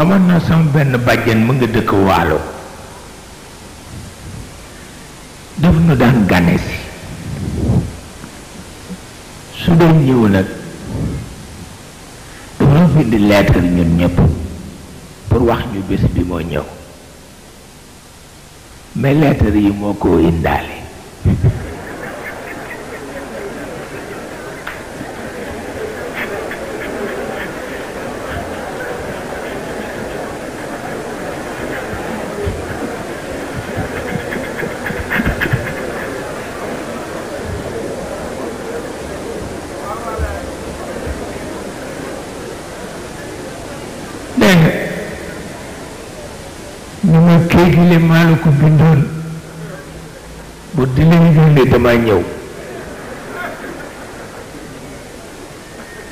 amoon naa sama benn bàjjen mu nga dëkk waalo daf nu daan gane si su doon ñëw nag dafa fi di lettre ñun ñëpp pour wax ñu bés bi moo ñëw mais lettre yi moo ko indaale tey gi le la ko bindoon bu di leen yónnee dama ñëw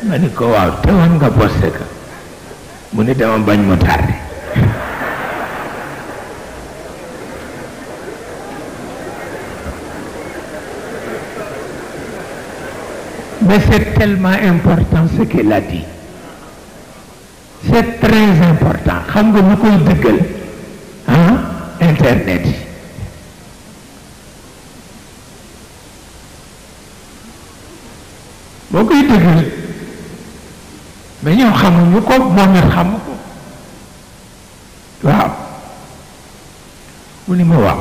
ma ni ko waaw te woon nga posté ka mu ne dama bañ mu tardé mais c'est tellement important ce qu'il a dit important xam nga lu koy dëggal ha? internet boo koy déggee ba ñoo xamuñu ko moo ñu xamu ko waaw mu ni ma waaw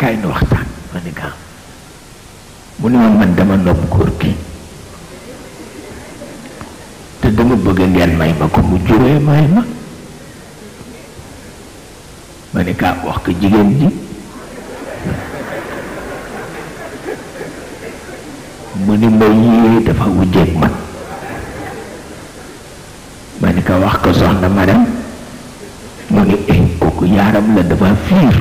kay nu waxtaan ma ni gaam mu ni ma man dama nopp góor gi te dama bëgg ngeen may ma ko mu juree may ma ma ne kaa wax ko jigéen ji mu ni ma yii dafa wujjeeg man ma ni ko wax ko soxna madam mu ni eh kooku yaaram la dafa fiir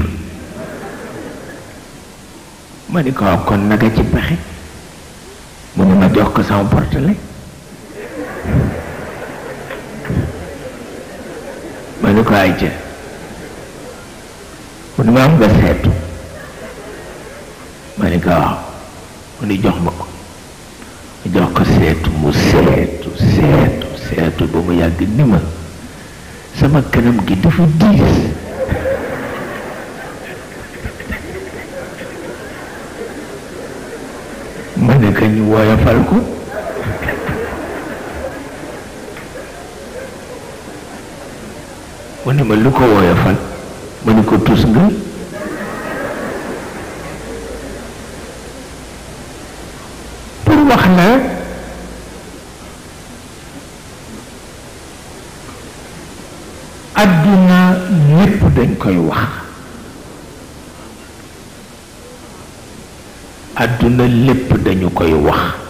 ma ni ko wax kon naka ci pexe mu ni ma jox ko sama portele ma ni ko ay jë mu ne ma am nga seetu ma ne ko waaw mu ne jox ma ko jox ko seetu mu seetu seetu seetu ba mu yàgg ni ma sama kanam gi dafa diis ma ne ko ñu woyofal ko mu ne ma lu ko woyofal menikutu sendiri pun wakna aduna nyip deng koy wak aduna lip deng koy wak